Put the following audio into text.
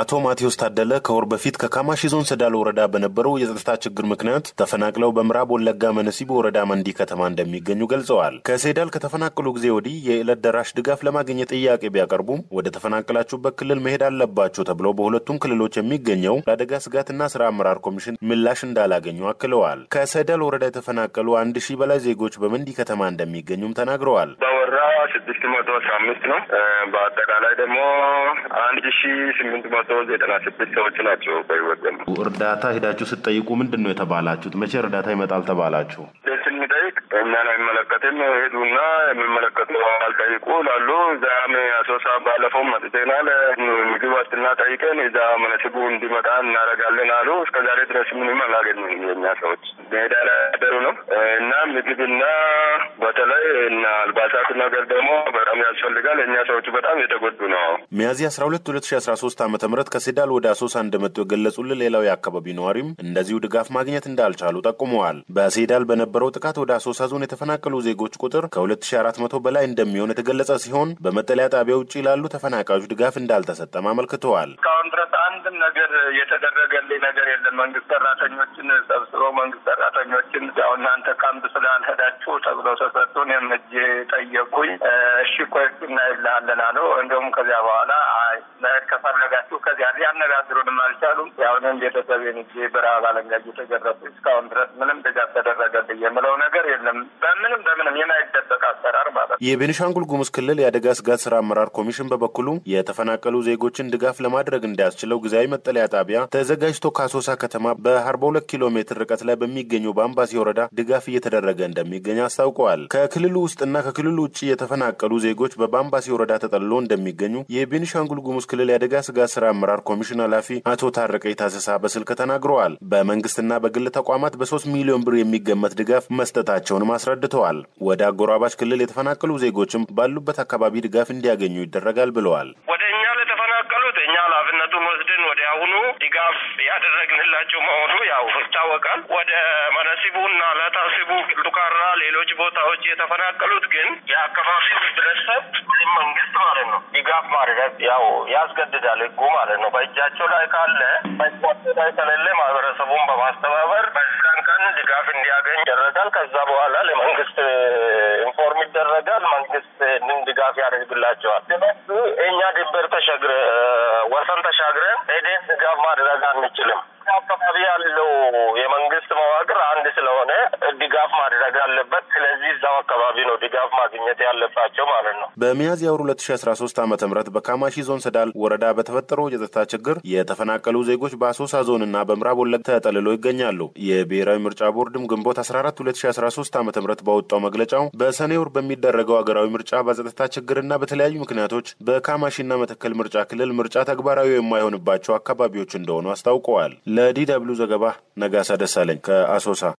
አቶ ማቴዎስ ታደለ ከወር በፊት ከካማሺ ዞን ሰዳል ወረዳ በነበረው የጸጥታ ችግር ምክንያት ተፈናቅለው በምዕራብ ወለጋ መነሲ ወረዳ መንዲ ከተማ እንደሚገኙ ገልጸዋል። ከሴዳል ከተፈናቀሉ ጊዜ ወዲህ የዕለት ደራሽ ድጋፍ ለማግኘት ጥያቄ ቢያቀርቡም ወደ ተፈናቀላችሁበት ክልል መሄድ አለባችሁ ተብሎ በሁለቱም ክልሎች የሚገኘው ለአደጋ ስጋትና ስራ አመራር ኮሚሽን ምላሽ እንዳላገኙ አክለዋል። ከሰዳል ወረዳ የተፈናቀሉ አንድ ሺህ በላይ ዜጎች በመንዲ ከተማ እንደሚገኙም ተናግረዋል። የተሰራ ስድስት መቶ አስራ አምስት ነው። በአጠቃላይ ደግሞ አንድ ሺ ስምንት መቶ ዘጠና ስድስት ሰዎች ናቸው በህይወት ደግሞ። እርዳታ ሄዳችሁ ስትጠይቁ ምንድን ነው የተባላችሁት? መቼ እርዳታ ይመጣል ተባላችሁ? ስንጠይቅ እኛን አይመለከትም ሄዱና የሚመለከቱ አልጠይቁ ላሉ ዛም አሶሳ ባለፈው መጥቴናል ምግብ ዋስትና ጠይቀን እዛ መነስቡ እንዲመጣ እናደርጋለን አሉ። እስከዛሬ ድረስ ምንም አላገኙ የእኛ ሰዎች ሜዳ ላይ ያደሩ ነው እና ምግብና በተለይ እና አልባሳት ነገር ደግሞ በጣም ያስፈልጋል። የእኛ ሰዎች በጣም የተጎዱ ነው። ሚያዝያ አስራ ሁለት ሁለት ሺ አስራ ሶስት አመተ ምህረት ከሲዳል ወደ አሶሳ እንደመጡ የገለጹልን ሌላው የአካባቢ ነዋሪም እንደዚሁ ድጋፍ ማግኘት እንዳልቻሉ ጠቁመዋል። በሲዳል በነበረው ጥቃት ወደ አሶሳ ዞን የተፈናቀሉ ዜጎች ቁጥር ከሁለት ሺ አራት መቶ በላይ እንደሚሆን የተገለጸ ሲሆን በመጠለያ ጣቢያ ውጭ ላሉ ተፈናቃዮች ድጋፍ እንዳልተሰጠ ለማመልክተዋል። ነገር የተደረገልኝ ነገር የለም። መንግስት ሰራተኞችን ሰብስበው መንግስት ሰራተኞችን ያው እናንተ ካምፕ ስላልሄዳችሁ ተብለው ተሰጡን። የምጅ ጠየቁኝ። እሺ ቆይ እናይልሃለን አለው። እንዲሁም ከዚያ በኋላ መሄድ ከፈለጋችሁ ከዚያ ሊያነጋግሩንም አልቻሉም። ያሁን ቤተሰቤን እጄ በረሃብ አለንጋ እየተገረፉ እስካሁን ድረስ ምንም ድጋፍ ተደረገልኝ የምለው ነገር የለም። በምንም በምንም የማይደበቅ አሰራር ማለት ነው። የቤኒሻንጉል ጉሙዝ ክልል የአደጋ ስጋት ስራ አመራር ኮሚሽን በበኩሉ የተፈናቀሉ ዜጎችን ድጋፍ ለማድረግ እንዲያስችለው ጊዜያዊ መጠለያ ጣቢያ ተዘጋጅቶ ከአሶሳ ከተማ በ42 ኪሎ ሜትር ርቀት ላይ በሚገኘው በአምባሲ ወረዳ ድጋፍ እየተደረገ እንደሚገኝ አስታውቀዋል። ከክልሉ ውስጥና ከክልሉ ውጭ የተፈናቀሉ ዜጎች በባምባሲ ወረዳ ተጠልሎ እንደሚገኙ የቤኒሻንጉል ጉሙዝ ክልል የአደጋ ስጋት ስራ አመራር ኮሚሽን ኃላፊ አቶ ታረቀ ታሰሳ በስልክ ተናግረዋል። በመንግስትና በግል ተቋማት በሶስት ሚሊዮን ብር የሚገመት ድጋፍ መስጠታቸውንም አስረድተዋል። ወደ አጎራባች ክልል የተፈናቀሉ ዜጎችም ባሉበት አካባቢ ድጋፍ እንዲያገኙ ይደረጋል ብለዋል። ወደ እኛ ለተፈናቀሉት እኛ ኃላፊነቱን ያደረግንላቸው መሆኑ ያው ይታወቃል። ወደ መነሲቡና ለታሲቡ ቱካራ፣ ሌሎች ቦታዎች የተፈናቀሉት ግን የአካባቢው ህብረተሰብ መንግስት ማለት ነው ድጋፍ ማድረግ ያው ያስገድዳል ህጉ ማለት ነው። በእጃቸው ላይ ካለ በእጃቸው ላይ ከሌለ ማህበረሰቡን በማስተባበር በዛን ቀን ድጋፍ እንዲያገኝ ይደረጋል። ከዛ በኋላ ለመንግስት ኢንፎርም ይደረጋል። መንግስት ድጋፍ ያደርግላቸዋል። እኛ ድንበር ተሸግረ ማድረግ አንችልም። አካባቢ ያለው የመንግስት መዋቅር አንድ ስለሆነ ድጋፍ ማድረግ አለበት። ስለዚህ እዛው አካባቢ ነው ድጋፍ ማግኘት ያለባቸው ማለት ነው። በሚያዝያ ወር ሁለት ሺ አስራ ሶስት ዓመተ ምህረት በካማሺ ዞን ሰዳል ወረዳ በተፈጠረው የጸጥታ ችግር የተፈናቀሉ ዜጎች በአሶሳ ዞን እና በምዕራብ ወለጋ ተጠልለው ይገኛሉ። የብሔራዊ ምርጫ ቦርድም ግንቦት አስራ አራት ሁለት ሺ አስራ ሶስት ዓመተ ምህረት ባወጣው መግለጫው በሰኔ ወር በሚደረገው ሀገራዊ ምርጫ በጸጥታ ችግርና በተለያዩ ምክንያቶች በካማሺና መተከል ምርጫ ክልል ምርጫ ተግባራዊ የማይሆንባቸው አካባቢዎች እንደሆኑ አስታውቀዋል። ለዲ ዘገባ ነጋሳ ደሳለኝ ከአሶሳ